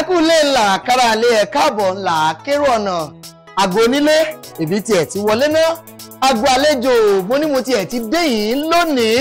ẹkú lè là kára lé ẹ káàbọ̀ ńlá kérò ọ̀nà àgọ́ onílé ìbí tiẹ̀ ti wọlé náà agbo àlejò mo ní mo tiẹ̀ ti dé yìí lónìí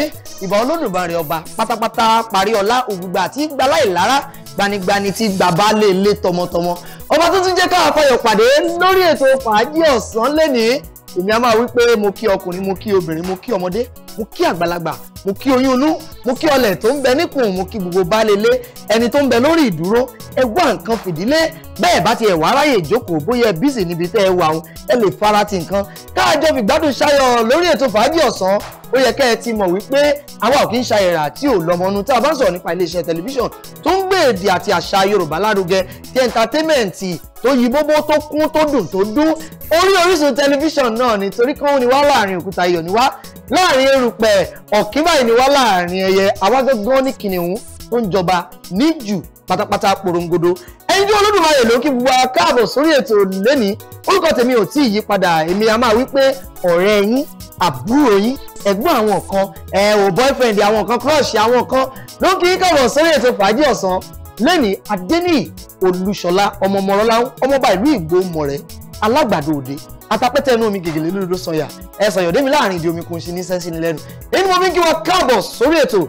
ìbà olódùmarè ọba pátápátá parí ọlá ògbùgbà àti gbaláìlára gbanigbani ti bàbá lè lé tọmọtọmọ ọba tó tún jẹ́ ká àfàyọ̀ pàdé lórí ètò fàájì ọ̀sán lénìí èmi á máa wí pé mo kí ọkùnrin mo kí obìnrin mo kí ọmọdé mo kí àgbàlagbà mo kí oyún inú mo kí ọlẹ̀ tó ń bẹ níkùn mo kí gbogbo baálé ilé ẹni tó ń bẹ lórí ìdúró ẹ nǹkan fìdílé bẹ́ẹ̀ bá ti ẹ̀ wá ráyè ìjókòó bóyá ẹ bísí níbi tẹ́ ẹ wà òun ẹ lè fara ti nǹkan káàjọ fìgbádùn ṣayọ̀ lórí ètò fàájì ọ̀sán ó yẹ kẹ́ ẹ ti mọ̀ wípé àwa ò kí ń ṣayẹ̀rà tí ò tá a bá ń sọ̀rọ̀ nípa iléeṣẹ́ tẹlifíṣàn tó ń gbé èdè àti àṣà Yorùbá lárugẹ ti ẹ̀ńtátẹ́mẹ̀ǹtì oyinbóbó tó kún tó dùn tó dún orí Orísun tẹlifíṣàn náà ni torí kan ó ní wá láàrin òkúta iyọ̀ ní wá láàrin erùpẹ̀ ọ̀kín báyìí ní wá láàrin ẹyẹ àwa gángan ní kìnìún tó ń jọba níjù pátápátá porongodo ẹnjú olódùmarè ló kí gbogbo akáàbọ̀ sórí ètò lẹ́ni orúkọ tèmi ò tí ì yí padà èmi a máa wí pé ọ̀rẹ́ yín àbúrò yín ẹ̀gbọ́n àwọn kan ẹ̀ ò boyfriend àwọn kan crush àwọn kan ló kí káàbọ̀ sórí ètò fàájì ọ̀sán lẹ́ni adẹ́nìyí olúṣọlá ọmọ mọ̀rọ́láhùn ọmọọba ìlú ìgbò mọ̀rẹ́ alágbàdo òde atapẹ́tẹ́ inú omi gègèlè lódodo sọ̀yà ẹ̀sán yọ̀dé mi láàrin ìdí omi kò ń ṣe ní sẹ́ńsì ní lẹ́nu èyí ni mo fi ń kí wọn káàbọ̀ sórí ètò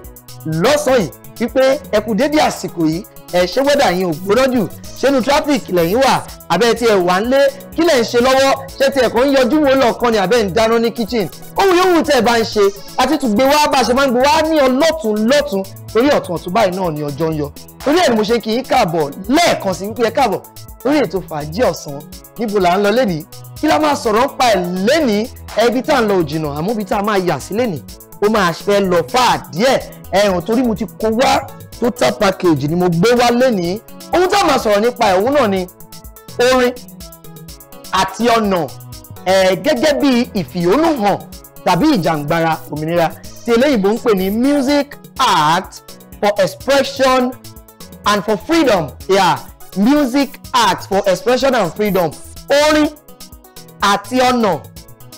lọ́sàn-án yìí wípé ẹ kú àsìkò yìí ẹ ṣé wẹ́dà yín ò gbóná jù ṣé nu traffic lẹ́yìn wà àbẹ́ tí ẹ wà ń lé kí lẹ̀ ń ṣe lọ́wọ́ ṣé ti ẹ̀kọ́ ń yọjú wo lọ́ọ̀kan ni àbẹ́ ń dáná ní kitchen ohun yòówù tẹ́ ẹ bá ń ṣe àti tùgbé wá bá a ṣe máa ń gbé wá ní ọlọ́tún lọ́tún torí ọ̀tún ọ̀tún báyìí náà ni ọjọ́ ń yọ torí ẹ̀ ni mo ṣe kí í káàbọ̀ lẹ́ẹ̀kan sí wípé ẹ káàbọ̀ lórí ètò fàájì ọ̀sán níbo là ń lọ lénìí kí la máa sọ̀rọ̀ ń pa ẹ̀ lénìí ẹbí tá à ń lọ òjìnà àmọ́ ibi tá a máa yà sí lénìí ó máa fẹ́ lọ fà díẹ̀ ẹ̀hún torí mo ti kó wá total package ni mo gbé wá lénìí ohun tá a máa sọ̀rọ̀ nípa ẹ̀ òun náà ni orin àti ọ̀nà gẹ́gẹ́ bí ìfìhónúhàn tàbí ìjàǹgbara òmìnira tí eléyìnbó ń pè ní music art for expression and for freedom yeah, music art for expression and freedom orin àti ọ̀nà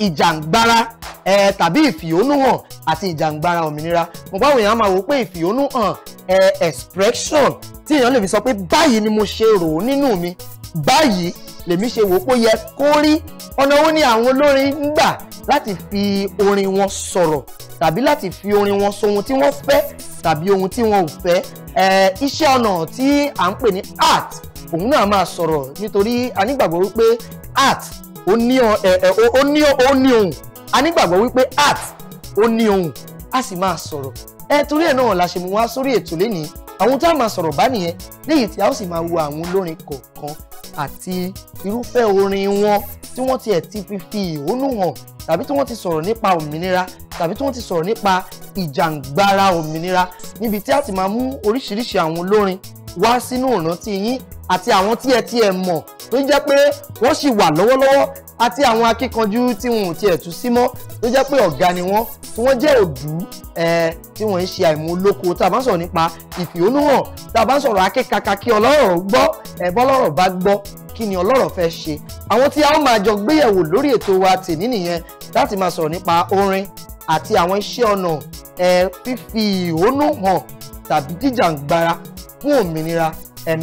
ìjàǹgbara ẹ tàbí ìfìhónúhàn àti ìjàǹgbara òmìnira mo bá wòyàn máa wò pé ìfìhónúhàn ẹ expression tí èèyàn lè fi sọ pé báyìí ni mo ṣe rò ó nínú mi báyìí lèmi ṣe wò ó pé yẹ kó rí ọ̀nà wo ni àwọn olórin ń gbà láti fi orin wọn sọ̀rọ̀ tàbí láti fi orin wọn sọ ohun tí wọ́n fẹ́ tàbí ohun tí wọn ò fẹ́ iṣẹ́ ọnà tí à ń pè ní art òun náà máa sọ̀rọ̀ nítorí a nígbàgbọ́ wípé art ó ní ohùn a wípé art ó ní ohùn a sì máa sọ̀rọ̀ ẹ torí ẹ̀ náà la ṣe mú wá sórí ètò lénìí àwọn tá a máa sọ̀rọ̀ bá nìyẹn léyìí tí a ó sì máa wo àwọn olórin kọ̀ọ̀kan àti irúfẹ́ orin wọn tí wọ́n tiẹ̀ ti fi fi ìhónú hàn tàbí tí wọ́n ti sọ̀rọ̀ nípa òmìnira tàbí tí wọ́n ti sọ̀rọ̀ nípa ìjàǹgbara òmìnira níbi tí a ti máa mú oríṣiríṣi àwọn olórin wá sínú ìrántí yín àti àwọn tí ẹ tiẹ̀ mọ̀ tó jẹ́ pé wọ́n sì wà lọ́wọ́lọ́wọ́ àti àwọn akíkanjú tí wọn ò tiẹ̀ tú sí mọ́ tó jẹ́ pé ọ̀gá ni wọ́n tí wọ́n jẹ́ òdú tí wọ́n ń ṣe àìmúlòkọ tá a bá ń sọ̀rọ̀ nípa ìfìhónúhàn tá a bá ń sọ̀rọ̀ akékaka kí ọlọ́rọ̀ gbọ́ ẹ̀bọ́ ọlọ́rọ̀ bá gbọ́ kí ni ọlọ́rọ̀ fẹ́ ṣe àwọn tí a ó máa jọ gbéyẹ̀wò lórí ètò wa tèmi nìyẹn láti máa sọ̀rọ̀ nípa orin àti àwọn iṣẹ́ ọnà fífi ìhónú hàn tàbí jíjàngbara fún òmìnira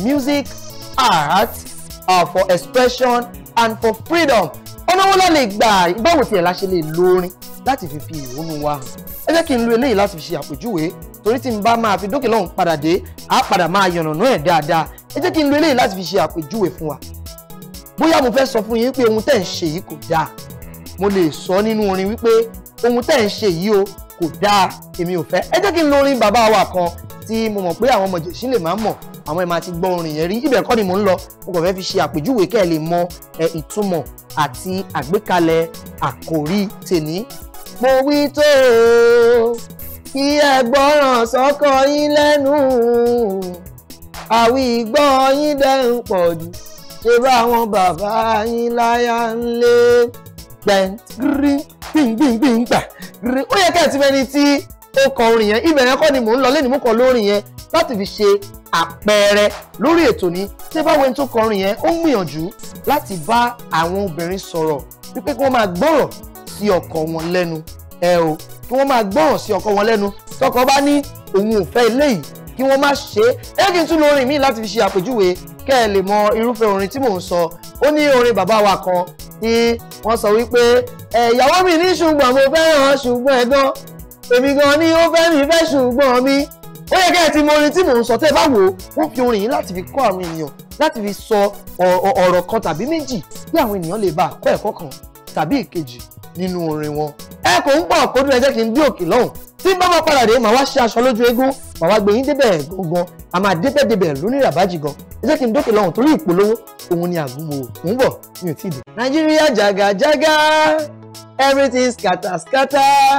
music art uh, for expression and for freedom ọ̀nà wo la lè gbà báwo tiẹ̀ la ṣe lè lo orin láti fi fi ìwúnú wa hàn ẹ jẹ́ kí n lo eléyìí láti fi ṣe àpèjúwe torí tí n bá máa fi dókè lọ́hùn padà dé á padà máa yànnàná ẹ̀ dáadáa ẹ jẹ́ kí n lo eléyìí láti fi ṣe àpèjúwe fún wa bóyá mo fẹ́ sọ fún yín pé ohun tẹ́ ń ṣe yìí kò dáa mo lè sọ nínú orin wípé ohun tẹ́ ń ṣe yìí o kò dáa èmi ò fẹ́ ẹ jẹ́ kí n lo orin bàbá wa kan tí mo mọ̀ pé àwọn ọmọ jèṣin lè máa mọ̀ àwọn ẹ̀ máa ti gbọ́ orin yẹn rí ibẹ̀ kọ́ ni mò ń lọ mo kàn fẹ́ fi ṣe àpèjúwe kẹ́ ẹ̀ lè mọ ìtumọ̀ àti àgbékalẹ̀ àkòrí tèní. mo wí tó o kí ẹ gbọ́ràn sọ́kọ yín lẹ́nu àwí ìgbọ́ yín dẹ̀ ń pọ̀ jù ṣe bá àwọn bàbá yín láyà ń lé gbẹ̀ngírí gbìngbìngbìngbà rí ó yẹ kẹ́ ẹ̀ ti fẹ́ni tí ó kọ orin yẹn ibẹ̀ yẹn kọ́ ni mò ń lọ lẹ́nu mú kọ lórin yẹn láti fi ṣe àpẹẹrẹ lórí ètò ní tí ẹ bá wo ẹni tó kọrin yẹn ó ń gbìyànjú láti bá àwọn obìnrin sọ̀rọ̀ wípé kí wọ́n máa gbọ́rọ̀ sí ọkọ wọn lẹ́nu ẹ o kí wọ́n máa gbọ́rọ̀ sí ọkọ wọn lẹ́nu tọkọ bá ní òun ò fẹ́ eléyìí kí wọ́n má ṣe é ẹ kí n tún lo orin míì láti fi ṣe àpèjúwe kẹ́ ẹ lè mọ irúfẹ́ orin tí mò ń sọ ó ní orin bàbá wa kan tí wọ́n sọ wípé ẹ̀yàwó mi ní ṣùgbọ́n mo fẹ́ràn ṣùgbọ́n ẹ̀gbọ́n èmi gan ni ó fẹ́ mi fẹ́ ṣùgbọ́n mi ó yẹ kẹ́ ẹ ti mọ tí mò ń sọ tẹ́ ẹ bá wò ó wọ́n fi orin yìí láti fi kọ́ àwọn ènìyàn láti fi sọ ọ̀rọ̀ kan tàbí méjì bí àwọn ènìyàn lè bá kọ́ ẹ̀kọ́ kan tàbí ìkejì nínú orin wọn. ẹ kò ń pọ̀ kó dúró ẹ jẹ́ kí n dí òkè lọ́hùn tí bá máa padà dé màá wá ṣe aṣọ lójú eégún màá wá gbé yín débẹ̀ gan a máa débẹ̀ débẹ̀ lónìí ràbájì gan ẹ jẹ́ kí n dókè lọ́hùn torí ìpolówó òun ni àgúnmu ò bọ̀ mi ò tí ì dé. nàìjíríà jàgàjàgà everything scatter scatter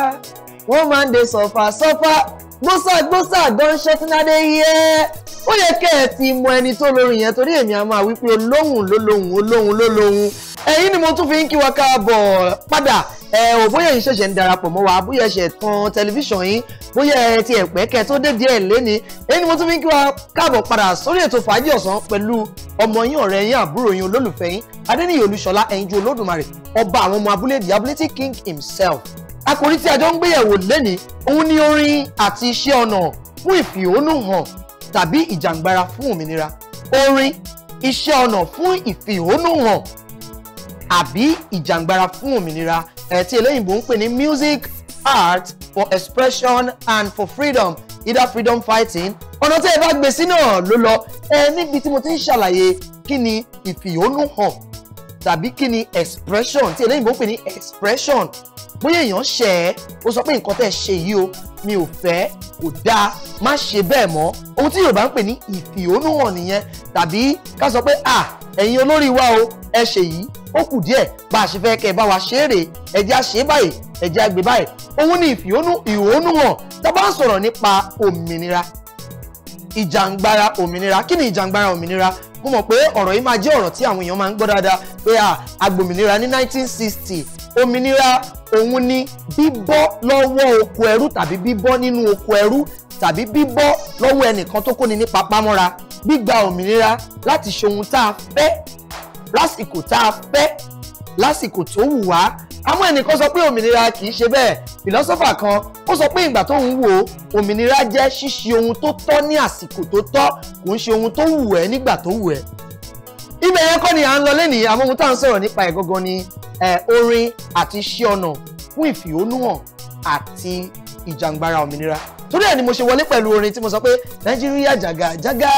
one man dey suffer suffer gbósà gbósà gánṣẹ́ sínádé yẹ ó yẹ kẹ́ ẹ ti mọ ẹni tó lórin yẹn torí èmi a máa wí pé olóhùn lólóhùn olóhùn lólóhùn ẹ̀yin ni mo tún fi ń kí wa káàbọ̀ padà ẹ ò bóyá yìí ṣẹ̀ṣẹ̀ ń darapọ̀ mọ́ wa bóyá ẹ̀ṣẹ̀ tan tẹlifíṣàn yín bóyá ẹ ti ẹ̀pẹ́ kẹ́ tó dé díẹ̀ lẹ́ni èyí ni mo tún fi ń kí wa káàbọ̀ padà sórí ètò fàájì ọ̀sán pẹ̀lú ọmọ yín ọ̀rẹ́ yín àbúrò yín olólùfẹ́ yín adẹ́niyè olúṣọlá ẹ̀yinjú olódùmarè ọba àwọn ọmọ abúlé the ability king himself àkòrí tí a jọ ń gbéyẹ̀wò lẹ́ni òun ni orin àti iṣẹ́ ọnà fún ìfìhónú hàn tàbí ìjàǹgbara fún òmìnira orin iṣẹ́ ọnà fún ìfìhónú hàn àbí ìjàǹgbara fún òmìnira ẹ̀ tí eléyìnbó ń pè ní music art for expression and for freedom either freedom fighting ọ̀nà tí ẹ bá gbé sí náà ló lọ ẹ níbi tí mo ti ń ṣàlàyé kí ni ìfìhónú hàn tàbí kí ni expression tí eléyìnbó pè ní expression bóyá èèyàn ṣẹ̀ ẹ́ ó sọ pé nǹkan tẹ́ ṣe yìí o mi ò fẹ́ kò dáa má ṣe bẹ́ẹ̀ mọ́ ohun tí Yorùbá ń pè ní ìfìhónúhàn nìyẹn tàbí ká sọ pé à ẹ̀yin olórí wa o ẹ ṣe yìí ó kù díẹ̀ bá a ṣe fẹ́ kẹ́ ẹ bá wa ṣe é rè ẹ jẹ́ a ṣe báyìí ẹ jẹ́ a gbé báyìí òun ni ìfìhónú ìhónúhàn tá a bá ń sọ̀rọ̀ nípa òmìnira ìjàngbara òmìnira kí ni ìjàngbara òmìnira mo mọ̀ pé ọ̀rọ̀ yìí máa jẹ́ ọ̀rọ̀ tí àwọn èèyàn máa ń gbọ́ dáadáa pé agbòmìnira ní 1960 òmìnira òun ni bíbọ́ lọ́wọ́ oko ẹrú tàbí bíbọ́ nínú oko ẹrú tàbí bíbọ́ lọ́wọ́ ẹnìkan tó kóni ní papámọ́ra gbígba òmìnira láti ṣe ohun tá a fẹ́ lásìkò tá a fẹ́ lásìkò tó wù wá àmọ́ ẹnìkan sọ pé òmìnira kì í ṣe bẹ́ẹ̀ philosopher kan ó sọ pé ìgbà tó ń wò ó òmìnira jẹ́ ṣíṣe ohun tó tọ́ ní àsìkò tó tọ́ kò ń ṣe ohun tó wù ẹ́ nígbà tó wù ẹ́ ibẹ̀ yẹn kọ́ ni à ń lọ lẹ́nìí àwọn ohun tá à ń sọ̀rọ̀ nípa ẹ̀ gangan ni orin àti iṣẹ́ ọnà fún ìfìhónúhàn àti ìjàngbara òmìnira torí ẹ̀ ni mo ṣe wọlé pẹ̀lú orin tí mo sọ pé nàìjíríà jàgà jàgà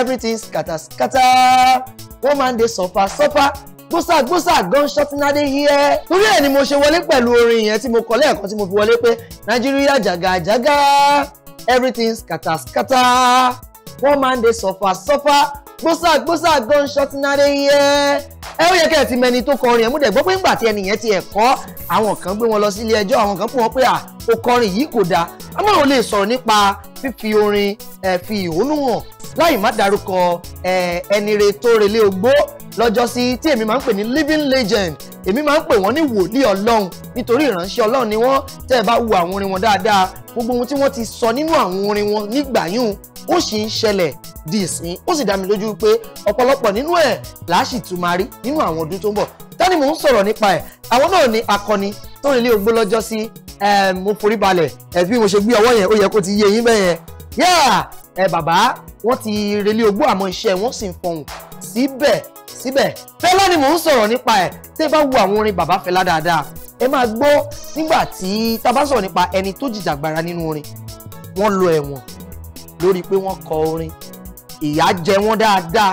everything scatter scatter one man dey suffer suffer gbósà gbósà gunshot nade here torí ẹ̀ ni mo ṣe wọlé pẹ̀lú orin yẹn tí mo kọ lẹ́ẹ̀kan tí mo fi wọlé pé nàìjíríà jàgàjàgà everything scatter scatter one man dey suffer suffer gbósà gbósà gunshot nade here ẹ ó yẹ kẹ́ ẹ̀ ti mẹni tó kọrin ẹ̀ mú dẹ̀ gbọ́ pé ńgbà tí ẹnìyẹn ti ẹ̀ kọ́ àwọn kan gbé wọn lọ sílé ẹjọ́ àwọn kan fún wọn pé à ó kọrin yìí kò dáa àmọ́ ò lè sọ̀rọ̀ nípa fífi orin ẹ̀ fi ìhónú hàn láì má darúkọ ẹnire tó relé ogbó lọ́jọ́sí tí èmi máa ń pè ní living legend èmi máa ń pè wọ́n ní wòlíì ọlọ́run nítorí ìránṣẹ́ ọlọ́run ni wọ́n tẹ́ ẹ bá wo àwọn orin wọn dáadáa gbogbo ohun tí wọ́n ti sọ nínú àwọn orin wọn nígbà yún ó sì ń ṣẹlẹ̀ di ìsìn ó sì dá mi lójú pé ọ̀pọ̀lọpọ̀ nínú ẹ̀ làásì tún máa rí nínú àwọn ọdún tó ń bọ̀ tani mò ń sọ̀rọ̀ nípa ẹ̀ àwọn náà ni akọni tó relé ogbó lọ́jọ́sí mo forí balẹ̀ ẹ̀ bí mo ṣe gbé ọwọ́ yẹn ó yẹ kó ti yé yín bẹ́yẹn yáà ẹ bàbá wọ́n ti relé ogbó àmọ́ iṣẹ́ wọ́n sì ń fọhùn síbẹ̀ síbẹ̀ Fẹlá ni mò ń sọ̀rọ̀ nípa ẹ̀ tẹ́ bá wo àwọn orin bàbá Fẹlá dáadáa ẹ máa gbọ́ nígbà tí tá a bá sọ̀rọ̀ nípa ẹni tó jìjàgbara nínú orin wọ́n lọ ẹ̀wọ̀n lórí pé wọ́n kọ orin ìyà jẹ wọ́n dáadáa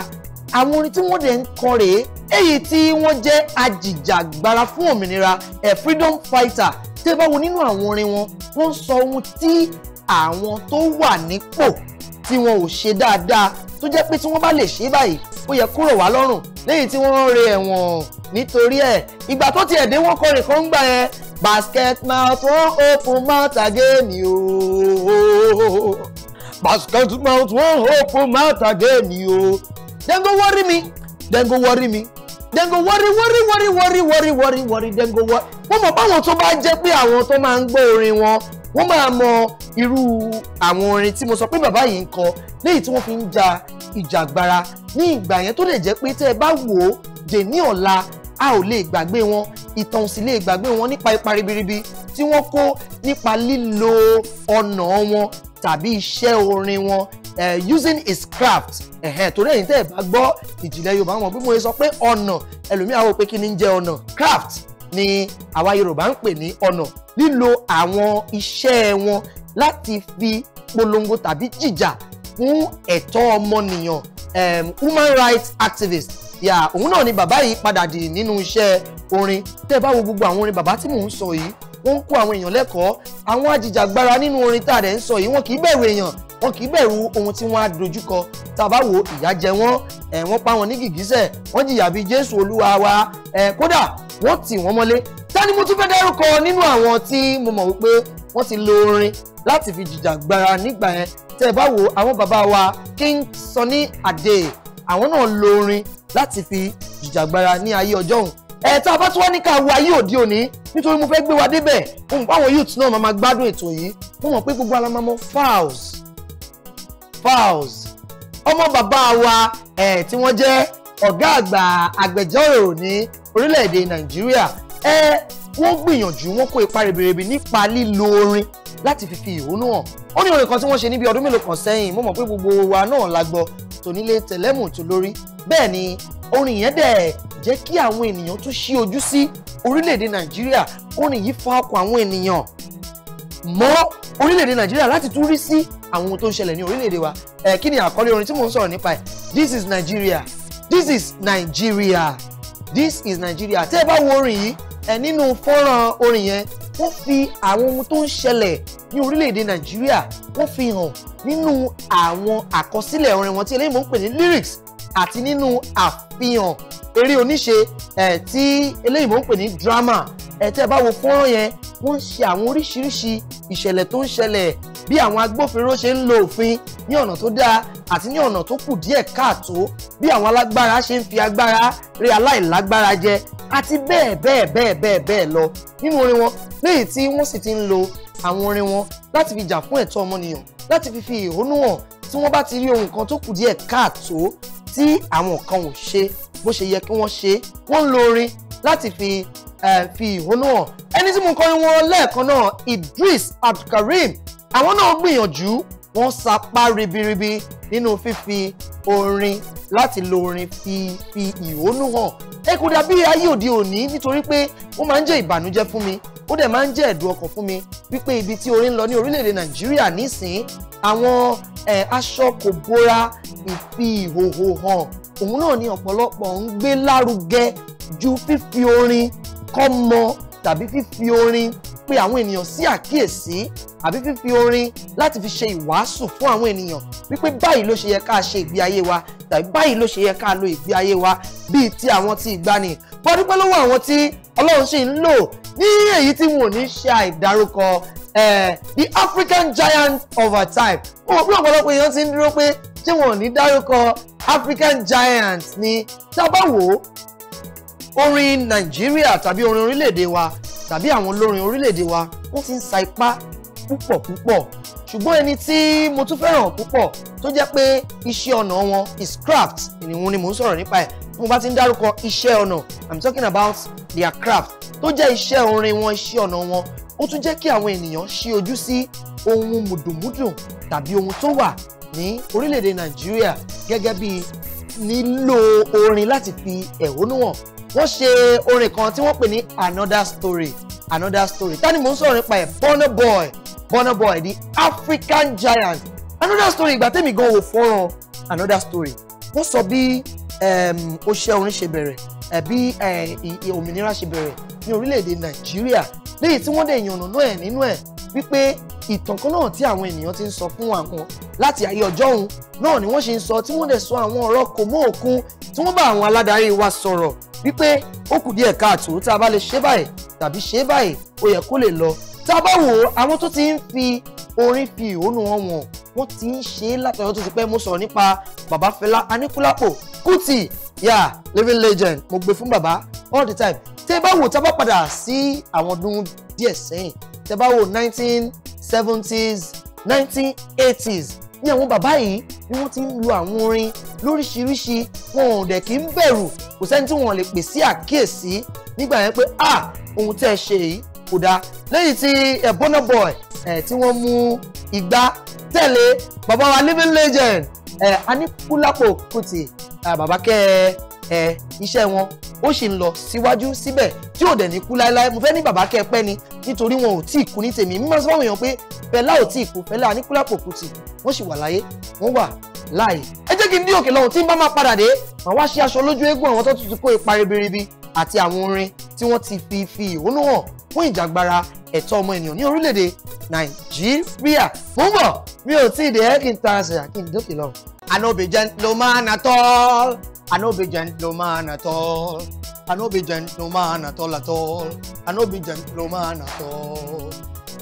àwọn orin tí wọ́n dẹ̀ ń kọ rèé èyí tí wọ́n jẹ́ ajìjàgbara fún òmìnira ẹ̀ freedom fighter tẹ́ bá wo nínú àwọn orin wọn wọ́n sọ ohun tí àwọn tó wà nípò tí wọn ò ṣe dáadáa tó jẹ́ pé tí wọ́n bá lè ṣe báyìí ó yẹ kúrò wá lọ́rùn lẹ́yìn tí wọ́n re ẹ̀wọ̀n nítorí ẹ̀ ìgbà tó tiẹ̀ dé wọ́n kọrin kan gbà yẹn basket mouth wọ́n open mouth again o basket mouth wọ́n open mouth again o dem go worry me dem go worry me dem go worry worry worry worry worry worry dem go worry wọ́n mọ̀ báwọn tó bá jẹ́ pé àwọn tó máa ń gbọ́ orin wọn wọ́n máa mọ irú àwọn orin tí mo sọ pé bàbá yìí ń kọ léyìí tí wọ́n fi ń ja ìjàgbara ní ìgbà yẹn tó lè jẹ́ pé tẹ́ ẹ bá wò ó dè ní ọ̀la a ò lè gbàgbé wọn ìtàn sì lè gbàgbé wọn nípa ipa ribiribi tí wọ́n kó nípa lílo ọ̀nà wọn tàbí iṣẹ́ orin wọn uh, using his craft torí ẹ̀yin tẹ́ ẹ bá gbọ́ ìjìnlẹ̀ Yorùbá wọn bí mo ṣe sọ pé ọ̀nà ẹlòmíà wò pé kí ni ń jẹ́ ọ̀nà craft ni àwa Yorùbá ń pè ní ọ̀nà lílo àwọn iṣẹ́ wọn láti fi polongo tàbí jìjà fún ẹ̀tọ́ ọmọnìyàn human rights activist yà òun náà ni bàbá yìí padà dì nínú iṣẹ́ orin tẹ́ bá wo gbogbo àwọn orin bàbá tí mò ń sọ yìí wọ́n ń kó àwọn èèyàn lẹ́kọ̀ọ́ àwọn ajìjàgbara nínú orin tá a rẹ̀ ń sọ yìí wọ́n kì í bẹ̀rù èèyàn wọn kì í bẹ̀rù ohun tí wọ́n á dojúkọ tá a bá wo ìyà jẹ wọ́n ẹ̀ wọ́n pa wọn ní gìgísẹ̀ wọ́n jìyà bíi jésù olúwa wa ẹ̀ kódà wọ́n tì wọ́n mọ́lé tani mo tún fẹ́ dárúkọ nínú àwọn tí mo mọ̀ wípé wọ́n ti lo orin láti fi jìjàgbara nígbà yẹn tẹ́ ẹ bá wo àwọn bàbá wa King Sunny Adé àwọn náà lo orin láti fi jìjàgbara ní ayé ọjọ́ òun ẹ tá a bá tún wá ní ká wo ayé òde òní nítorí mo fẹ́ gbé wa débẹ̀ mo mọ̀ pé àwọn youths náà máa gbádùn ètò yìí mo mọ̀ pé gbogbo alamamọ fowls Falz ọmọ bàbá wa ẹ tí wọ́n jẹ́ ọ̀gá àgbà agbẹjọ́rò ní orílẹ̀-èdè Nàìjíríà ẹ wọ́n gbìyànjú wọ́n kó ipa ribiribi nípa lílo orin láti fi fi ìhónú hàn ó ní orin kan tí wọ́n ṣe níbi ọdún mélòó kan sẹ́yìn mo mọ̀ pé gbogbo wa náà la gbọ́ tònílé tẹ̀lẹ́mù tó lórí bẹ́ẹ̀ ni orin yẹn dẹ̀ jẹ́ kí àwọn ènìyàn tún ṣí ojú sí orílẹ̀-èdè Nàìjíríà orin yìí fa ọkàn àwọn ènìyàn mọ́ orílẹ̀-èdè nàìjíríà láti tún rí sí àwọn ohun tó ń ṣẹlẹ̀ ní orílẹ̀-èdè wa ẹ̀ kí ni àkọ́lé orin tí mò ń sọ̀rọ̀ nípa ẹ̀ this is nigeria this is nigeria this is nigeria tẹ́ ẹ bá wo orin yìí ẹ̀ nínú fọ́nrán orin yẹn wọ́n fi àwọn ohun tó ń ṣẹlẹ̀ ní orílẹ̀-èdè nàìjíríà wọ́n fi hàn nínú àwọn àkọsílẹ̀ orin wọn tí eléyìí mò ń pè ní lyrics àti nínú àfihàn eré oníṣe tí eléyìnbó ń pè ní drama ẹ̀tẹ́ bá wo fọ́nrán yẹn wọ́n ń ṣe àwọn oríṣiríṣi ìṣẹ̀lẹ̀ tó ń ṣẹlẹ̀ bí àwọn agbófinró ṣe ń lo òfin ní ọ̀nà tó dáa àti ní ọ̀nà tó kù díẹ̀ káàtó bí àwọn alágbára ṣe ń fi agbára rí aláìlágbára jẹ àti bẹ́ẹ̀ bẹ́ẹ̀ bẹ́ẹ̀ bẹ́ẹ̀ bẹ́ẹ̀ lọ nínú orin wọn léyìí tí wọ́n sì ti ń lo àwọn orin wọn láti fi jà fún ẹ̀tọ́ ọmọnìyàn láti fi fi ìhónú hàn tí wọ́n bá ti rí ohun kan tó kù díẹ̀ káàtó tí àwọn kan ò ṣe bó ṣe yẹ kí wọ́n ṣe wọ́n ń lo orin láti fi fi ìhónú hàn ẹni tí mo kọrin wọn lẹ́ẹ̀kan náà Idris Abdulkareem àwọn náà gbìyànjú wọ́n sapá ribiribi nínú fífi orin láti lo orin fi fi ìhónú hàn ẹ kò dàbí ayé òde òní nítorí pé ó máa ń jẹ́ ìbànújẹ́ fún mi ó dẹ̀ máa ń jẹ́ ẹ̀dùn ọkàn fún mi wípé ibi tí orin ń lọ ní orílẹ̀-èdè nàìjíríà nísìn àwọn aṣọ kò bóra ìfi ìhòhò hàn òun náà ni ọ̀pọ̀lọpọ̀ ń gbé lárugẹ ju fífi orin kọ́mọ tàbí fífi orin pé àwọn ènìyàn sí àkíyèsí àbí fífi orin láti fi ṣe ìwàásù fún àwọn ènìyàn wípé báyìí ló ṣe yẹ ká ṣe ìgbé ayé wa tàbí báyìí ló ṣe yẹ ká lo ìgbé ayé wa bíi ti àwọn ti ìgbani bọ́ dúpẹ́ lọ́wọ́ àwọn tí ọlọ́run sì ń lò ní èyí tí wọn ò ní ṣe àìdárúkọ the African giant of our time mo mọ̀ pé ọ̀pọ̀lọpọ̀ èèyàn ti ń dúró pé tí wọn ò ní dárúkọ African giant ni tá a bá wò ó orin Nàìjíríà tàbí orin orílẹ̀-èdè wa tàbí àwọn olórin orílẹ̀-èdè wa wọ́n ti ń sa ipá púpọ̀ púpọ̀ ṣùgbọ́n ẹni tí mo tún fẹ́ràn púpọ̀ tó jẹ́ pé iṣẹ́ ọnà wọn is craft ìnìwọ̀n ni mò ń sọ̀rọ̀ nípa ẹ̀ mo bá ti ń dárúkọ iṣẹ́ ọnà i'm talking about their craft tó jẹ́ iṣẹ́ orin wọn iṣẹ́ ọnà wọn ó tún jẹ́ kí àwọn ènìyàn ṣí ojú sí ohun mùdùnmúdùn tàbí ohun tó wà ní orílẹ̀-èdè nàìjíríà gẹ́gẹ́ bí nílò orin láti fi ẹ̀hónú hàn wọ́n ṣe orin kan tí wọ́n pè ní another story another story Tani ni mò ń sọ̀rọ̀ nípa ẹ̀ Burna Boy Burna Boy the african giant another story ìgbà tẹ́mi gan wò fọ́nrán another story wọ́n sọ bí ó ṣe orin ṣe bẹ̀rẹ̀ eh, bí eh, òmìnira ṣe bẹ̀rẹ̀ ní orílẹ̀-èdè nàìjíríà léyìí tí wọ́n dẹ̀ yànnà náà ẹ̀ nínú ẹ̀ wípé ìtàn náà tí àwọn ènìyàn ti ń sọ fún àwọn láti ayé ọjọ́ òun náà ni wọ́n ṣe ń sọ tí wọ́n dẹ̀ sọ àwọn ọ̀rọ̀ kò mọ́ òkun tí wọ́n bá àwọn aládarí wa sọ̀rọ̀ wípé ó kù díẹ̀ káàtó tá a bá lè ṣe báyìí tàbí ṣe báyìí ó yẹ kó lè lọ tá a bá wò ó àwọn tó ti ń fi orin fi ìhónú wọn wọn wọ́n ti ń ṣe é látọjọ́ tó ti pẹ́ mo sọ̀rọ̀ nípa bàbá Fẹlá Aníkúlápò Kútì yà living legend mo gbé fún baba all the time tẹ́ bá wò tá bá padà sí àwọn ọdún díẹ̀ sẹ́yìn tẹ́ bá wò nineteen seventies nineteen eighties ní àwọn bàbá yìí ni wọ́n ti ń lu àwọn orin lóríṣiríṣi wọn ò dẹ̀ kí ń bẹ̀rù kò sẹ́ni tí wọ́n lè pè sí àkíyèsí nígbà yẹn pé ah ohun tẹ́ ẹ ṣe yìí kò dáa lẹ́yìn tí ẹ̀ eh, Burna Boy tí wọ́n mú igbá tẹ̀lé bàbá wa living legend Anikulapo Kuti bàbá kẹ́ ẹ iṣẹ́ wọn ó sì ń lọ síwájú síbẹ̀ tí ò dẹ̀ ní kú láéláé mo fẹ́ ní bàbá kẹ́ ni nítorí wọn ò tí ì kú ní tèmi mímọ́ sọ fáwọn èèyàn pé Fẹlá ò tí ì kú Fẹlá Anikulapo Kuti wọ́n sì wà láyé wọ́n wà láàyè ẹ jẹ́ kí n dí òkè lọ́hùn tí n bá máa padà dé màá wá ṣe aṣọ lójú eégún àwọn tó ti kó ipa ribiribi àti àwọn orin tí wọ́n ti fi fi ìhónú hàn fún ìjàgbara ẹ̀tọ́ ọmọ ní orílẹ̀-èdè nàìjíríà mò bọ̀ mi ò tí ì dé kí n ta àṣà kí n dókè lọ. I no be gentleman at all. I no be gentleman at all. I no be gentleman at all at all. I no be gentleman at all.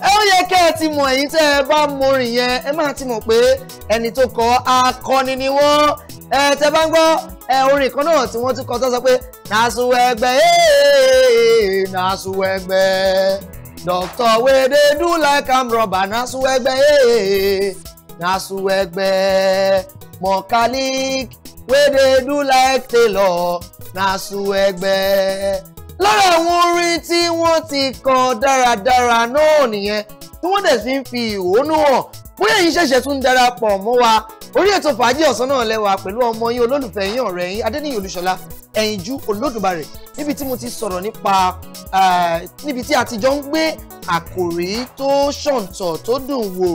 ẹ ó yẹ kẹ́ ẹ ti mọ̀ èyí tẹ́ ẹ bá morin yẹn ẹ máa ti mọ̀ pé ẹni tó kọ akọni ni wọ́n ẹ tẹ́ bá ń gbọ́ ẹ orin kan náà tí wọ́n tún kọ tó sọ pé nàásù ẹgbẹ́ nàásù ẹgbẹ́. doctor wey dey do like am rubber na suwegbe eh na suwegbe mechanic do like tailor na suwegbe. lára àwọn orin tí ti kọ dáradára náà nìyẹn tí wọn dẹ̀ fi ń fi ìhónú hàn bóyá yìí ṣẹ̀ṣẹ̀ tún darapọ̀ wa orí ètò fàájì ọ̀sán náà lẹ́wà pẹ̀lú ọmọ yín olólùfẹ́ yín ẹ̀yinjú olódùbarè níbi tí mo ti sọ̀rọ̀ nípa eh, níbi tí a ti jọ ń gbé àkòrí tó ṣọ̀ǹtọ̀ tó dùn wò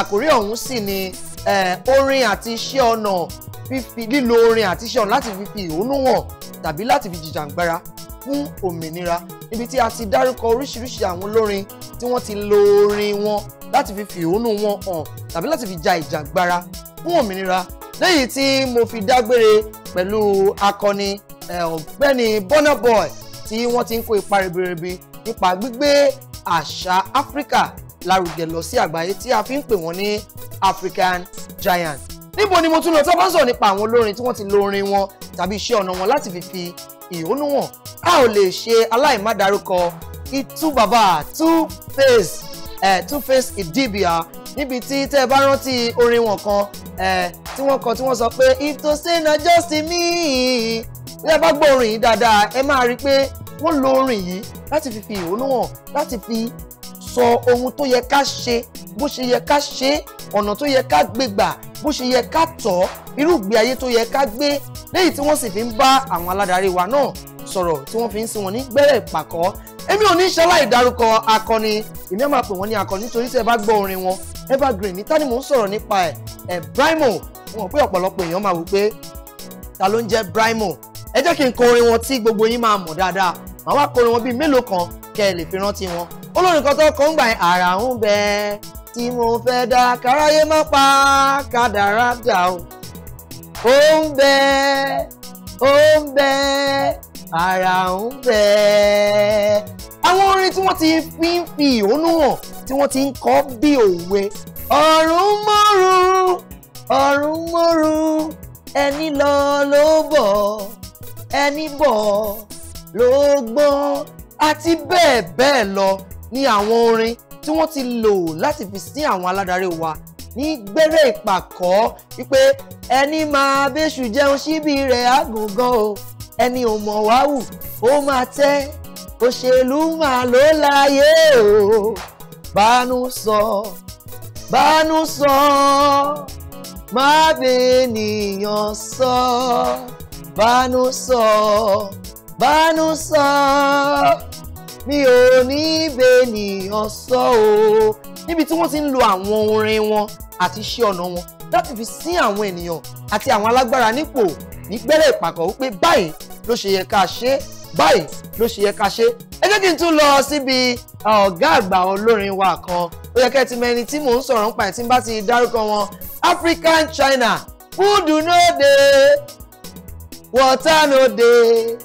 àkòrí ọ̀hún sì ni eh, orin àti iṣẹ́ ọnà fífi lílo orin àti iṣẹ́ ọnà láti fi fi ìhónú hàn tàbí láti fi jìjàǹgbara fún òmìnira níbi tí a ti dárúkọ oríṣiríṣi àwọn olórin tí wọ́n ti lo orin wọn láti fi fi ìhónú wọn hàn tàbí láti fi ja ìjàǹgbara fún òmìnira lẹ́yìn tí mo fi dágbére pẹ̀lú akọni ọ̀gbẹ́ni Burna Boy tí wọ́n ti ń kó ipa ribiribi nípa gbígbé àṣà Áfíríkà lárugẹ lọ sí àgbáyé tí a fi ń pè wọ́n ní African Giant níbo ni mo tún lọ tó bá ń sọ̀rọ̀ nípa àwọn olórin tí wọ́n ti lo orin wọn tàbí iṣẹ́ ọ̀nà wọn láti fi fi ìhónú hàn a ò lè ṣe aláìmádarúkọ Ìtú Bàbá Two Face eh, Two Face Idibia níbi tí tẹ́ ẹ bá rántí orin wọn kan eh, tí wọ́n kọ tí wọ́n sọ pé ìtòsínà jọ́sìn míì bí ẹ bá gbọ́ orin yìí dáadáa ẹ máa rí i pé wọ́n lo orin yìí láti fi fi ìhónú hàn láti fi sọ ohun tó yẹ ká ṣe bó ṣe yẹ ká ṣe ọ̀nà tó yẹ ká gbé gbà bó ṣe yẹ ká tọ̀ irú ìgbé ayé tó yẹ ká gbé lẹ́yìn tí wọ́n sì fi ń bá àwọn aládarí wa náà sọ̀rọ̀ tí wọ́n fi ń sin wọn ní gbẹ́rẹ́ ìpàkọ́ èmi ò ní ṣaláì dárúkọ akọni èmi á máa pè ní akọni nítorí tí ẹ bá gbọ́ orin wọn evergreen ní tani mò ń sọ̀rọ̀ nípa ẹ̀ ẹ̀ Brymo wọn pé ọ̀pọ̀lọpọ̀ èèyàn máa wù pé ta ló ń jẹ́ Brymo ẹ jẹ́ kí n kọ orin wọn tí gbogbo yín máa mọ̀ dáadáa màá wá kọ orin wọn bíi mélòó kan kẹ́ ẹ lè fi rántí wọn olórin kan tó kọ́ ń gbà yẹn àrà ń bẹ tí mo fẹ́ dá káráyé má pa kádàrá dà o ó ń bẹ ó ń bẹ àrà ń bẹ àwọn orin tí wọ́n ti fi ń fi ìhónú hàn tí wọ́n ti ń kọ́ bí òwe ọ̀run mọ́rùn ọ̀run mọ́rùn ẹni lọ ló bọ̀ ẹni bọ̀ ló gbọ́n àti bẹ́ẹ̀ bẹ́ẹ̀ lọ ní àwọn orin tí wọ́n ti lò láti fi sí àwọn aládarí wa ní gbẹ́rẹ́ ìpàkọ́ wípé ẹni máa bẹ́ṣù jẹun síbi rẹ̀ àgùngàn o ẹni ò mọ̀ wá wù ó máa tẹ́ òṣèlú máa ló láyé o bánú sọ bánú sọ má bẹ́ẹ̀ nìyàn sọ. So bánú sọ bánú sọ mi ò ní bẹ́ẹ̀ nìyàn sọ o níbi tí wọ́n ti ń lo àwọn orin wọn àti iṣẹ́ ọ̀nà wọn láti fi sí àwọn ènìyàn àti àwọn alágbára nípò ní gbẹ́rẹ́ ìpàkọ́ wípé báyìí ló ṣe yẹ ká ṣe báyìí ló ṣe yẹ ká ṣe ẹ jẹ́ kí n tún lọ síbi ọ̀gá àgbà olórin wa kan ó yẹ kẹ́ ti mẹni tí mò ń sọ̀rọ̀ nípa ẹ̀ tí n bá ti dárúkọ wọn African China fúdùnú water no dey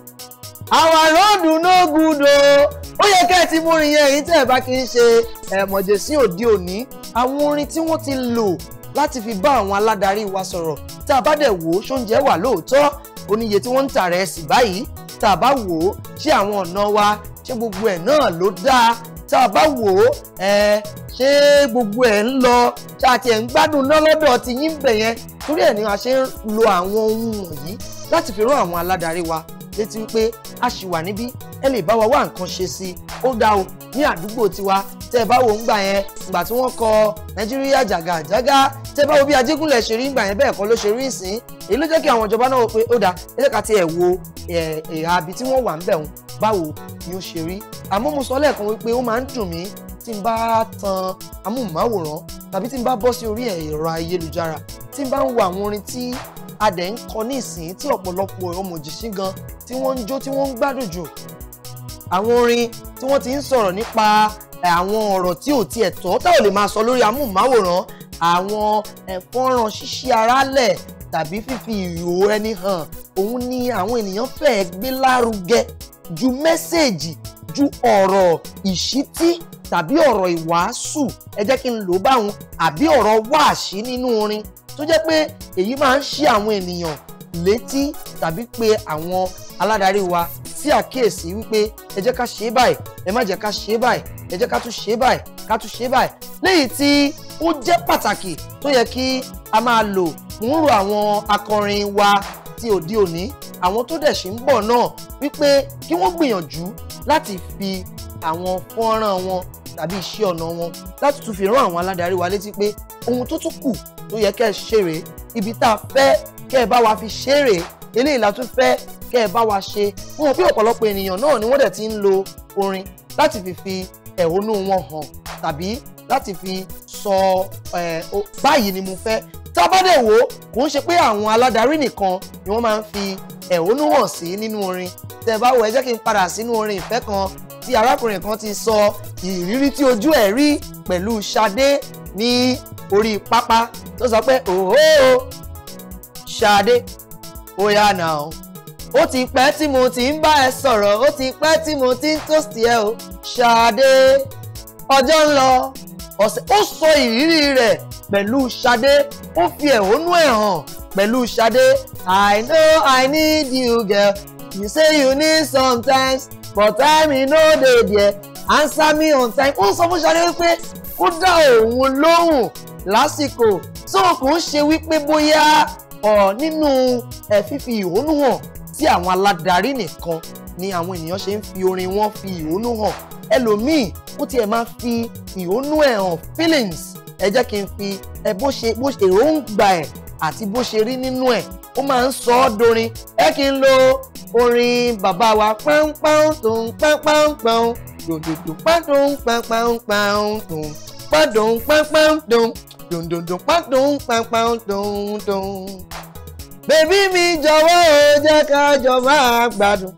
our road no good o ó yẹ kẹ́ ẹ ti mú orin yẹn èyí tẹ́ ẹ bá kì í ṣe ẹ̀mọ̀jẹ̀ sí òde òní àwọn orin tí wọ́n ti lò láti fi bá àwọn aládarí wa sọ̀rọ̀ tá a bá dẹ̀ wò ó ṣóúnjẹ wà lóòótọ́ oníye tí wọ́n ń tà rẹ̀ sí báyìí tá a bá wò ó ṣé àwọn ọ̀nà wa ṣé gbogbo ẹ̀ náà ló dáa tá a bá wò ó ẹ ṣé gbogbo ẹ̀ ń lọ ṣé àti ẹ̀ ń gbádùn náà lọ́dọ̀ ti yín bẹ̀ yẹn torí ẹ̀ ni a ṣe ń lo àwọn ohun wọ̀nyí láti fi rán àwọn aládarí wa létí wípé a ṣì wà níbí ẹ lè bá wa wá nǹkan ṣe sí i ó dá o ní àdúgbò tiwa tẹ ẹ bá wo ńgbà yẹn ìgbà tí wọ́n kọ nàìjíríà jàgàjàgà tẹ ẹ bá wo bí Ajégúnlẹ̀ ṣe rí ńgbà yẹn bẹ́ẹ̀ kọ́ ló ṣe rí ìsìn èyí ló jẹ́ kí àwọn ìjọba náà wò pé ó dáa ẹ jẹ́ ká tiẹ̀ wo ẹ̀ha ibi tí wọ́n wà ń bẹ̀ wọn báwo ni ó ṣe rí àmọ́ mo sọ lẹ́ẹ̀kan wípé ó máa ń dùn mí tí n bá tan amóhùnmáwòrán tàbí tí n bá bọ́ sí orí ẹ̀rọ ayélujára tí n bá ń wo àwọn orin tí a dẹ̀ ń kọ ní ìsìn tí ọ̀pọ̀lọpọ̀ ọmọ òjìṣín gan tí wọ́n ń jó tí wọ́n ń gbádùn jù àwọn orin tí wọ́n ti ń sọ̀rọ̀ nípa àwọn ọ̀rọ̀ tí ò tiẹ̀ tọ́ tá ò lè máa sọ lórí amóhùnmáwòrán àwọn ẹ̀fọ́nrán ṣíṣí ara lẹ̀ tàbí fífi ìhò ẹni hàn òun ni àwọn ènìyàn fẹ́ẹ́ gbé lárugẹ ju mẹ́sẹ̀gì ju ọ̀rọ̀ ìṣítí tàbí ọ̀rọ̀ ìwàásù ẹ jẹ́ kí n lò báwọn àbí ọ̀rọ̀ wáàsí nínú orin tó jẹ́ pé èyí máa ń ṣí àwọn ènìyàn létí tàbí pé àwọn aládarí wa sí àkíyèsí wípé ẹ jẹ́ ká ṣe é báyìí ẹ má jẹ́ ká ṣe é báyìí ẹ jẹ́ ká tún ṣe é báyìí ká tún ṣe é báyìí léyìí tí ó jẹ́ pàtàkì tó yẹ kí a máa lò ń rò àwọn akọrin wa ti òde òní àwọn tó dẹ̀ ṣì ń bọ̀ náà wípé kí wọ́n gbìyànjú láti fi àwọn fọ́nrán wọn tàbí iṣẹ́ ọ̀nà wọn láti tún fi rán àwọn aládarí wa létí pé ohun tó tún kù tó yẹ kẹ́ ẹ ṣeré ibi tá a fẹ́ kẹ́ ẹ bá wa fi ṣeré eléyìí la tún fẹ́ kẹ́ ẹ bá wa ṣe fún wọn bí ọ̀pọ̀lọpọ̀ ènìyàn náà ni wọ́n dẹ̀ ti ń lo orin láti fi fi ẹ̀hónú wọn hàn tàbí láti fi sọ ẹ báyìí ni mo fẹ́ tábàdẹ̀ wò kò ń ṣe pé àwọn aládarí nìkan ni wọ́n máa ń fi ẹ̀hónú hàn sí nínú orin tẹ́ bá wò ẹ jẹ́ kí n padà sínú orin ìfẹ́ kan tí arákùnrin kan ti sọ ìrírí tí ojú ẹ̀ rí pẹ̀lú Ṣadé ní orí pápá tó sọ pé òhó Ṣadé ó yá náà ó ti pẹ́ tí mo ti ń bá ẹ sọ̀rọ̀ ó ti pẹ́ tí mo ti ń tòsí ẹ o Ṣadé ọjọ́ ń lọ ọ̀sẹ̀ ó sọ ìrírí rẹ̀ pẹ̀lú Ṣadé ó fi ẹ̀hónú ẹ̀ hàn pẹ̀lú Ṣadé I know I need you girl you say you need sometimes but time you no dey there answer me on time ó sọ fún Ṣadé wípé kó dá òun lóhùn lásìkò tó kò ń ṣe wípé bóyá ọ̀ nínú ẹ̀ fífi ìhónú hàn tí àwọn aládarí nìkan ni àwọn ènìyàn ṣe ń fi orin wọn fi ìhónú hàn ẹlòmíì ó tiẹ̀ máa fi ìhónú ẹ̀ hàn feelings ẹ jẹ́ kí n fi ẹ bó ṣe bó ṣe èròǹgbà ẹ̀ àti bó ṣe rí nínú ẹ̀ ó máa ń sọ ọ́ dorin ẹ kí n lo orin bàbá wa pọ́npọ́n tó ń pọ́npọ́npọ́n dòdòdò pọ́ndùn pọ́npọ́npọ́n tó ń pọ́ndùn pọ́npọ́ndùn dòdòdò pọ́ndùn pọ́npọ́ndùn tó ń. bèbí mi jọ̀wọ́ o jẹ́ ká jọ gbádùn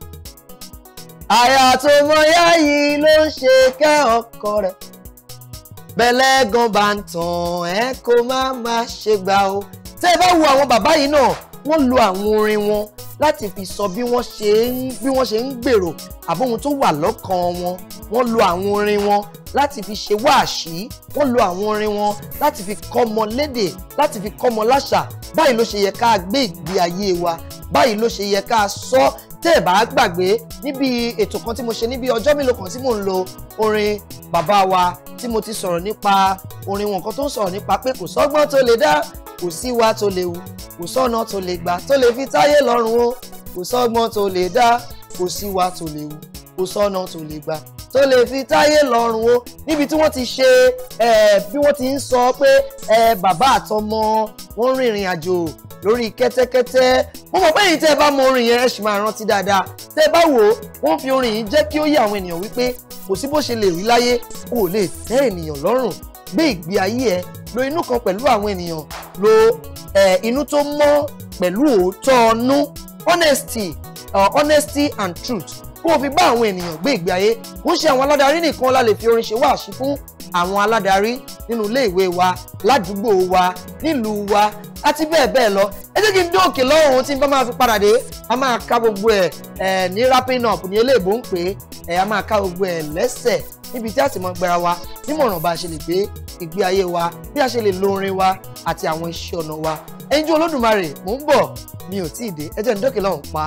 àyà tó mọ yá yìí ló ń ṣe kẹ́ ọkọ rẹ̀ bẹ̀lẹ́gàn bá ń tàn ẹ́ kó má má ṣe gbà o. tẹ́ ẹ bá wo àwọn bàbá yìí náà wọ́n lo àwọn orin wọn láti fi sọ bí wọ́n ṣe ń bí wọ́n ṣe ń gbèrò àbóhun tó wà lọ́kàn wọn wọ́n lo àwọn orin wọn láti fi ṣe wáàṣí wọ́n lo àwọn orin wọn láti fi kọ́mọ lédè láti fi kọ́mọ láṣà báyìí ló ṣe yẹ ká gbé ìgbé ayé wa báyìí ló ṣe yẹ ká sọ tẹ́ ẹ̀ bá gbàgbé níbi ètò kan tí mo ṣe níbi ọjọ́ mélòó kan tí mò ń lo orin bàbá wa tí mo ti sọ̀rọ̀ nípa orin wọn kan tó ń sọ̀rọ̀ nípa pé kò sọ́gbọ́n tó lè dá kò sí wa tó lè wù kò sọ́nà tó lè gbà tó lè fi táyé lọ́rùn o kò sọ́gbọ́n tó lè dá kò sí wa tó lè wù kò sọ́nà tó lè gbà tó lè fi táyé lọ́rùn o níbi tí wọ́n ti ṣe bí wọ́n ti ń sọ pé bàbá àtọmọ wọ́n rìnrìn àjò lórí kẹ́tẹ́kẹ́tẹ́ mo mọ̀ pé èyí tẹ́ ẹ bá mọ orin yẹn ẹ sì máa rántí dáadáa tẹ́ ẹ bá wò ó wọ́n fi orin yìí jẹ́ kí ó yé àwọn ènìyàn wípé kò sí bó ṣe lè rí láyé kò lè tẹ́ ènìyàn lọ́rùn gbé ìgbé ayé ẹ lo inú kan pẹ̀lú àwọn ènìyàn lo inú tó mọ́ pẹ̀lú òótọ́ ọnú honesty uh, honesty and truth kó o fi bá àwọn ènìyàn gbé ìgbé ayé kò ń ṣe àwọn aládarí nìkan la lè fi orin ṣe wáàsí fún àwọn aládarí nínú ilé ìwé wa ládùúgbò wa nílùú wa àti bẹ́ẹ̀ bẹ́ẹ̀ lọ ẹ jẹ́ kí n dóòkè lọ́rùn tí n bá máa fi padà dé a máa ka gbogbo ẹ̀ ẹ̀ ní wrapping up ní eléèbó ń pè é ẹ̀ a máa ka gbogbo ẹ̀ lẹ́sẹ̀ níbi tí a ti mọ gbẹra wa nímọ̀ràn bá a ṣe lè gbé ìgbé ayé wa bí a ṣe lè lo orin wa àti àwọn iṣẹ́ ọ̀nà wa ẹ̀yin jù Olódùmarè mò ń bọ̀ mi ò tí dé ẹ jẹ́ n dóòkè lọ́rùn pa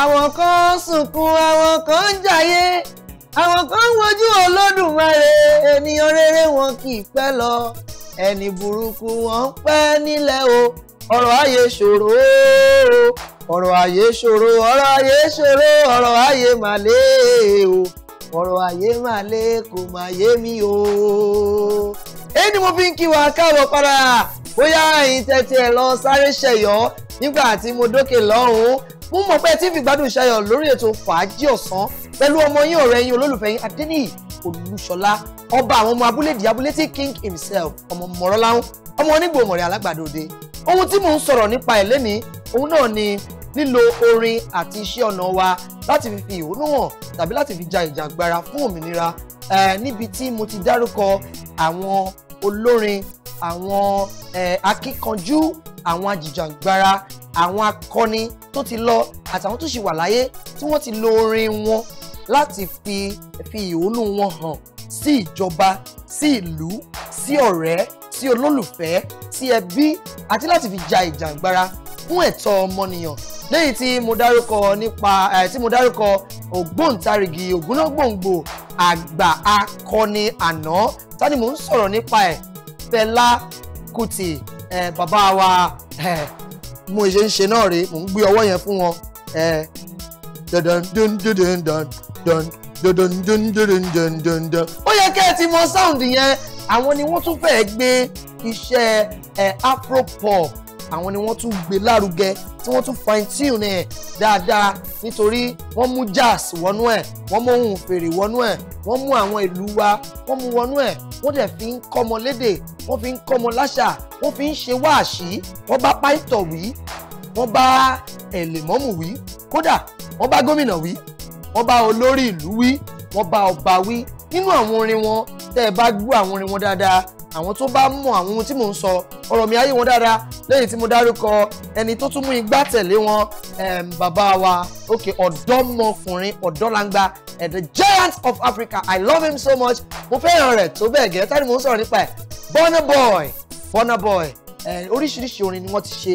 àwọn kan sunkún àwọn kan ń jayé àwọn kan ń wojú olódùmarè ènìyàn rere wọn kì í pẹ́ lọ ẹni burúkú wọn ń pẹ́ nílẹ̀ o ọ̀rọ̀ ayé ṣòro ọ̀rọ̀ ayé ṣòro ọ̀rọ̀ ayé ṣòro ọ̀rọ̀ ayé màlẹ́ o ọ̀rọ̀ ayé màlẹ́ kò mà yé mi o. èyí ni mo fi ń kí wa káàbọ̀ padà bóyá ẹ̀yin tẹ́tí ẹ̀ lọ sáré ṣẹ̀yọ́ nígbà tí mo dókè lọ́hùn-ún mo mọ̀ pé tí fìgbádùn ṣayọ̀ lórí ètò fàájì ọ̀sán pẹ̀lú ọmọ yín ọ̀rẹ́ yín olólùfẹ́ yín adẹ́nìyí olùṣọlá ọba àwọn ọmọ abúlé di king himself ọmọ mọ̀rọ́láhùn ọmọ onígbòmọ̀rẹ́ alágbàdòde ohun tí mò ń sọ̀rọ̀ nípa ẹ̀ lénìí òun náà ni lílo orin àti iṣẹ́ ọnà wa láti fi fi ìhónú hàn tàbí láti fi ja ìjàngbara fún òmìnira níbi tí mo ti dárúkọ àwọn olórin àwọn akíkanjú àwọn ajìjàngbara àwọn akọni tó ti lọ àtàwọn tó ṣì wà láyé tí wọ́n ti lo orin wọn láti fi fi ìhónú wọn hàn sí ìjọba sí ìlú sí ọ̀rẹ́ sí olólùfẹ́ sí ẹbí àti láti fi ja ìjàngbara fún ẹ̀tọ́ ọmọnìyàn lẹ́yìn tí mo dárúkọ nípa ẹ̀ tí mo dárúkọ ògbóǹtarìgì ògúnnágbòǹgbò àgbà akọni àná tani mo ń sọ̀rọ̀ nípa ẹ̀ Fẹlá Kútì ẹ bàbá wa ẹ mo ṣe ń ṣe náà rèé mò ń gbé ọwọ́ yẹn fún wọn ẹ dandan àwọn ni wọ́n tún gbé lárugẹ tí wọ́n tún fine tune ẹ̀ dáadáa nítorí wọ́n mú jazz wọnú ẹ̀ wọ́n mú ohun fèrè wọnú ẹ̀ wọ́n mú àwọn ìlú wa wọ́n mú wọnú ẹ̀ wọ́n dẹ̀ fi ń kọ́mọ lédè wọ́n fi ń kọ́mọ láṣà wọ́n fi ń ṣe wáàṣí wọ́n bá pàìtọ̀ wí wọ́n bá ẹ̀lẹ́mọ́mù wí kódà wọ́n bá gómìnà wí wọ́n bá olórí ìlú wí wọ́n bá ọba wí nínú àwọn orin wọn tẹ́ ẹ bá gbọ́ àwọn orin wọn dáadáa àwọn tó bá mọ àwọn ohun tí mò ń sọ ọ̀rọ̀ mi ayé wọn dáadáa lẹ́yìn tí mo dárúkọ ẹni tó tún mú igbá tẹ̀lé wọn bàbá wa òkè ọ̀dọ́mọkùnrin ọ̀dọ́langba eh, the giant of Africa I love him so much mo fẹ́ràn rẹ̀ tó bẹ́ẹ̀ gẹ́gẹ́ tani mo ń sọ̀rọ̀ nípa ẹ̀ Burna Boy Burna Boy eh, oríṣiríṣi orin ni wọ́n ti ṣe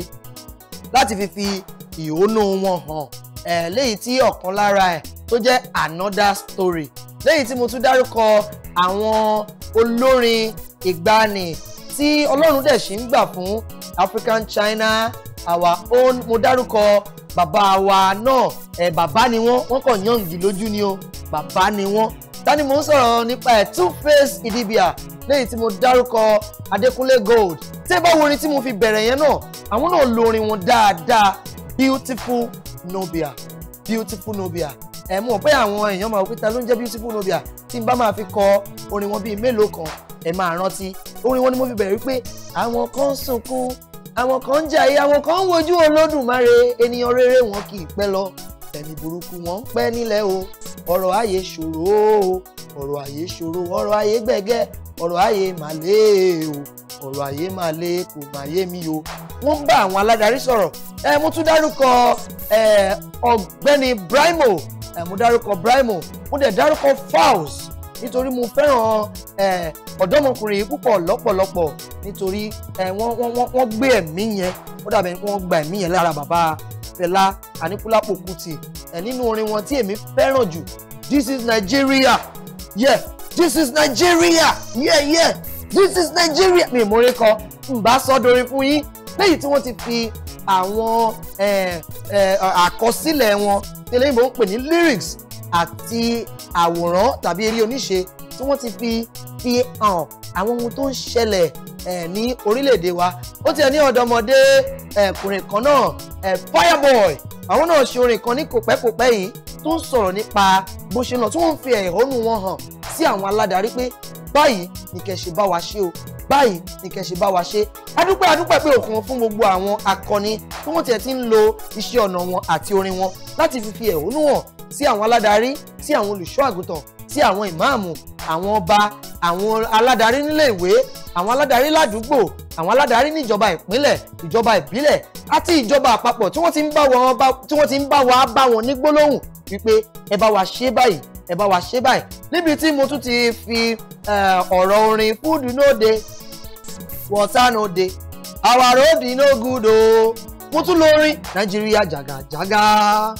láti fi fi ìhónú wọn hàn eh, lẹ́yìn tí ọ̀kan lára ẹ̀ tó jẹ́ another story lẹ́yìn tí mo tún dárúkọ àwọn olórin ìgbàanì tí ọlọ́run dẹ̀ ṣì ń gbà fún African China our own mo dárúkọ bàbá wa náà ẹ bàbá ni wọ́n wọ́n kàn yànjú lójú ni o bàbá ni wọ́n tani mo ń sọ̀rọ̀ nípa ẹ̀ Two-Face Idibia lẹ́yìn tí mo dárúkọ Adékúnlé Gold tí ẹ bá wo orin tí mo fi bẹ̀rẹ̀ yẹn náà àwọn náà lo orin wọn dáadáa beautiful Nubia beautiful Nubia ẹ̀ mọ̀ pé àwọn èèyàn máa wípé ta ló ń jẹ́ beautiful Nubia tí n bá máa fi kọ orin wọn bíi mélòó kan ẹ̀ máa rántí orin wọn ni mo fi bẹ̀rẹ̀ wípé àwọn kan ń sunkún àwọn kan ń jayé àwọn kan ń wojú Olódùmarè ènìyàn rere wọn kì í pẹ́ lọ ẹni burúkú wọn pẹ́ nílẹ̀ o ọ̀rọ̀ ayé ṣòro o ọ̀rọ̀ ayé ṣòro ọ̀rọ̀ ayé gbẹ̀gẹ́ ọ̀rọ̀ ayé màlé o ọ̀rọ̀ ayé màlé kò má yé mi o wọ́n ń bá àwọn aládarí sọ̀rọ̀ ẹ mo tún dárúkọ ọ̀gbẹ́ni Brimo ẹ mo dárúkọ Brimo mo dẹ̀ dárúkọ Falz nítorí mo fẹ́ràn ọ̀dọ́mọkùnrin yìí púpọ̀ lọ́pọ̀lọpọ̀ nítorí wọ́n gbé ẹ̀mí yẹn ó dàbẹ̀ wọ́n gba ẹ̀mí yẹn lára bàbá Fẹlá Aníkúlápò Kútì ẹ̀ nínú orin wọn tí èmi fẹ́ràn jù this is Nigeria yeah this is Nigeria yeah yeah this is Nigeria mi ìmúre kan ǹbá sọ dorin fún yín léyìí tí wọ́n ti fi àwọn eh, eh, àkọsílẹ̀ wọn eléyìnbó ń pè ní lyrics àti àwòrán tàbí eré oníṣe tí wọ́n ti fi fi hàn àwọn ohun tó ń ṣẹlẹ̀ ní orílẹ̀-èdè wa ó ti ẹ̀ ní ọ̀dọ́mọdé ẹ̀kùnrin kan náà Fireboy àwọn náà ṣe orin kan ní kòpẹ́kòpẹ́ yìí tó ń sọ̀rọ̀ nípa bó ṣe lọ tí wọ́n ń fi ẹ̀hónú wọn hàn sí àwọn aládarí pé báyìí ni kẹ́ ṣe bá wa ṣe o báyìí ni kẹ́ ṣe bá wa ṣe adúpẹ́ adúpẹ́ pé òkun fún gbogbo àwọn akọni tí wọ́n tiẹ̀ ti ń lo iṣẹ́ ọ̀nà wọn àti orin wọn láti fi fi ẹ̀hónú hàn sí àwọn aládarí sí àwọn olùṣọ́ àgùntàn sí àwọn ìmáàmù àwọn ọba àwọn aládarí nílé ìwé àwọn aládarí ládùúgbò àwọn aládarí níjọba ìpínlẹ̀ ìjọba ìbílẹ̀ àti ìjọba àpapọ̀ tí wọ́n ti ń bá wa bá wọn ní gbólóhùn wípé ẹ bá wa ṣe báyìí ẹ bá wa ṣe báyìí níbi tí mo tún ti fi eh, ọ̀rọ̀ orin fúdù nóde water no dey our road e no good ooo oh. mo tún lórin nàìjíríà jàgàjàgà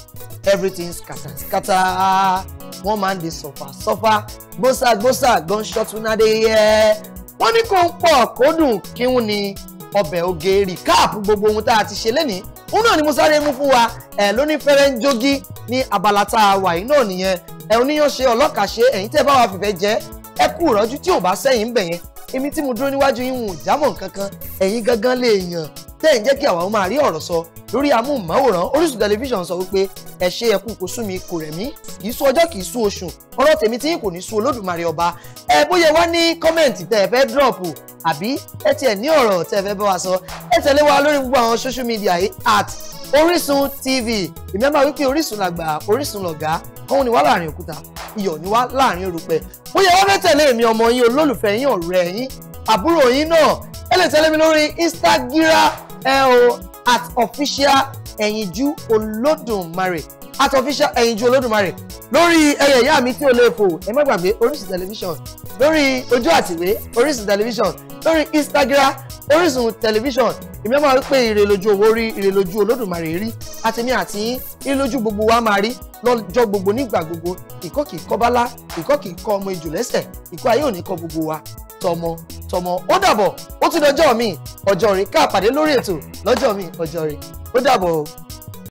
everything scatter scatter wọ́n máa ń dey suffer suffer gbósà gbósà gunshot una dey hear wọ́n ní kó ń pọ̀ kó dùn kíhun ni ọbẹ̀ oge rìkáàpù gbogbo ohun tá a ti ṣe lénìí òun náà ni mo sáré mú fún wa ẹ lóní fẹ́rẹ́ ń jogi ní abala tá a wà yìí náà nìyẹn ẹ oníyanṣe ọlọ́kàṣe ẹ̀yìn tẹ́ bá wa fìfẹ́ jẹ́ ẹ kú ìrọ́jú tí ò bá sẹ́yìn ń bẹ̀yẹn èmi tí mo dúró níwájú yín ń jámọ̀ kankan ẹ̀yin gangan lè yàn tẹ́ ẹ̀ ń jẹ́ kí àwọn máa rí ọ̀rọ̀ sọ lórí amóhùnmáwòrán Orísun tẹlifíṣàn sọ wípé ẹ ṣe ẹkún kò sú mi kò rẹ̀ mí kì í sú ọjọ́ kì í sú oṣù ọ̀rọ̀ tèmi tí yín kò ní sú Olódùmarè ọba ẹ bóyá wá ní kọ́mẹ̀ǹtì tẹ́ ẹ fẹ́ dírọ̀pù àbí ẹ tiẹ̀ ní ọ̀rọ̀ tẹ́ ẹ fẹ́ bá wa sọ ẹ tẹ̀lé wa lórí gbogbo àwọn social media yìí at Orísun TV èmi á máa wí pé Orísun làgbà Orísun lọ̀gá òun ni wá láàrin òkúta iyọ̀ ni wá láàrin erùpẹ̀ bóyá wọ́n fẹ́ tẹ̀lé mi ọmọ yín olólùfẹ́ yín ọ̀rẹ́ yín àbúrò yín náà ẹ lè tẹ̀lé mi lórí Instagram ẹ at official ẹ̀yinjú olódùmarè at official ẹ̀yinjú olódùmarè lórí ẹyẹ ìyá mi tí o lè fò ẹ má gbàgbé Orísun tẹlifíṣàn lórí ojú àtìwé Orísun tẹlifíṣàn lórí Instagram Orísun tẹlifíṣàn èmi máa wí pé ire lójú owó rí ire lójú Olódùmarè rí àtẹ̀mí àti yín lójú gbogbo wa máa rí lọ́jọ́ gbogbo nígbà gbogbo ìkọ́ kìí kọ́ bálá ìkọ́ kìí kọ́ ọmọ ejò lẹ́sẹ̀ ìkọ́ ayé ò ní kọ́ gbogbo wa tọmọ tọmọ ó dàbọ̀ ó tún dọjọ́ mi ọjọ́ rẹ̀ ká pàdé lórí ètò lọ́jọ́ mi ọjọ́ rẹ̀ ó dàbọ̀ o.